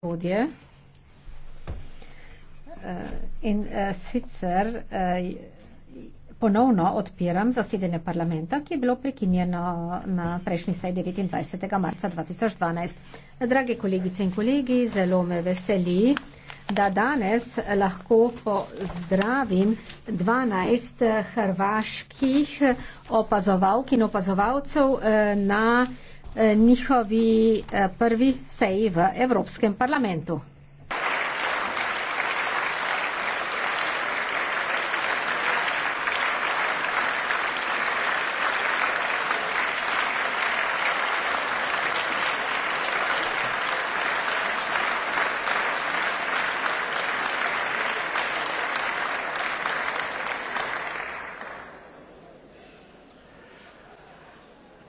gospodje. Eh, in eh, sicer eh, ponovno odpiram zasedanje parlamenta, ki je bilo prekinjeno na prejšnji seji 29. marca 2012. Drage kolegice in kolegi, zelo me veseli, da danes lahko pozdravim 12 hrvaških opazovalk in opazovalcev na Eh, njihovi eh, prvi seji v Evropskem parlamentu.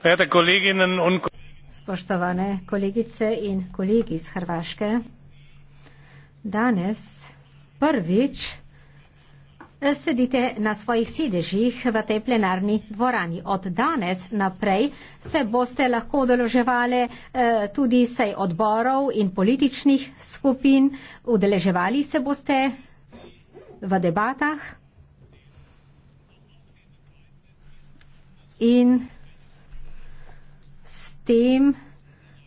verehrte kolleginnen und kollegen! spoštovane kolegice in kolegi iz Hrvaške. Danes prvič eh, sedite na svojih sedežih v tej plenarni dvorani. Od danes naprej se boste lahko odeleževali eh, tudi sej odborov in političnih skupin, udeleževali se boste v debatah. In tem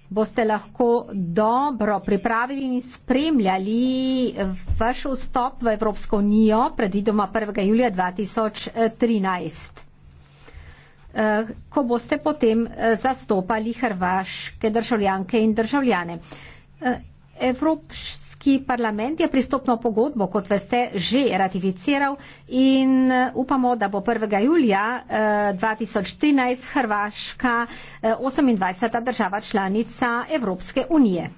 boste lahko dobro pripravili in spremljali vaš vstop v Evropsko unijo predvidoma 1. julija 2013, eh, ko boste potem eh, zastopali hrvaške državljanke in državljane. Eh, Evropska Evropski parlament je pristopno pogodbo, kot veste, že ratificiral in eh, upamo, da bo 1. julija 2013 eh, Hrvaška 28. Eh, država članica Evropske unije.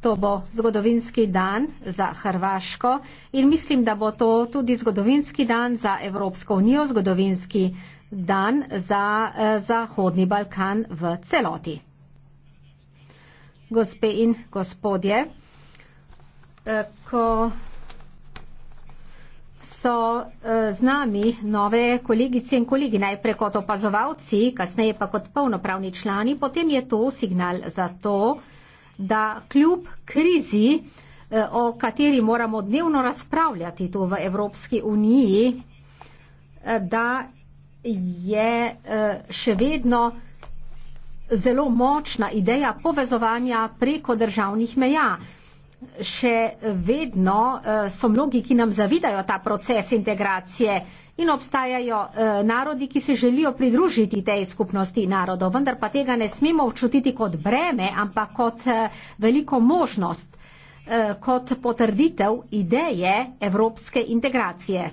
To bo zgodovinski dan za Hrvaško in mislim, da bo to tudi zgodovinski dan za Evropsko unijo, zgodovinski dan dan za eh, Zahodni Balkan v celoti. Gospe in gospodje, eh, ko so eh, z nami nove kolegice in kolegi, najprej kot opazovalci, kasneje pa kot polnopravni člani, potem je to signal za to, da kljub krizi, o kateri moramo dnevno razpravljati tu v Evropski uniji, da je eh, še vedno zelo močna ideja povezovanja preko državnih meja. Še vedno eh, so mnogi, ki nam zavidajo ta proces integracije in obstajajo eh, narodi, ki se želijo pridružiti tej skupnosti narodov, vendar pa tega ne smemo občutiti kot breme, ampak kot veliko možnost, kot potrditev ideje evropske integracije.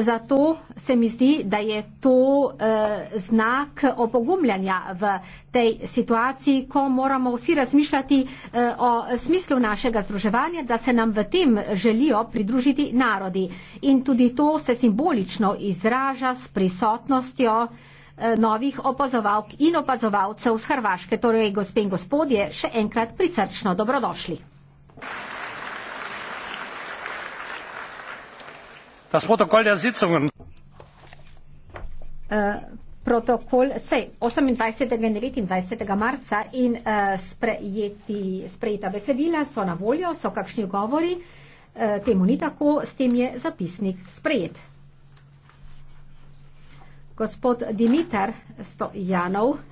Zato se mi zdi, da je to eh, znak opogumljanja v tej situaciji, ko moramo vsi razmišljati eh, o smislu našega združevanja, da se nam v tem želijo pridružiti narodi. In tudi to se simbolično izraža s prisotnostjo eh, novih opazovalk in opazovalcev z Hrvaške. Torej, gospe in gospodje, še enkrat prisrčno dobrodošli. Thank you. das protokoll der sitzungen uh. Protokol sej 28. in 29. marca in uh, sprejeti, sprejeta besedila so na voljo, so kakšni govori, uh, temu ni tako, s tem je zapisnik sprejet. Gospod Dimitar Stojanov,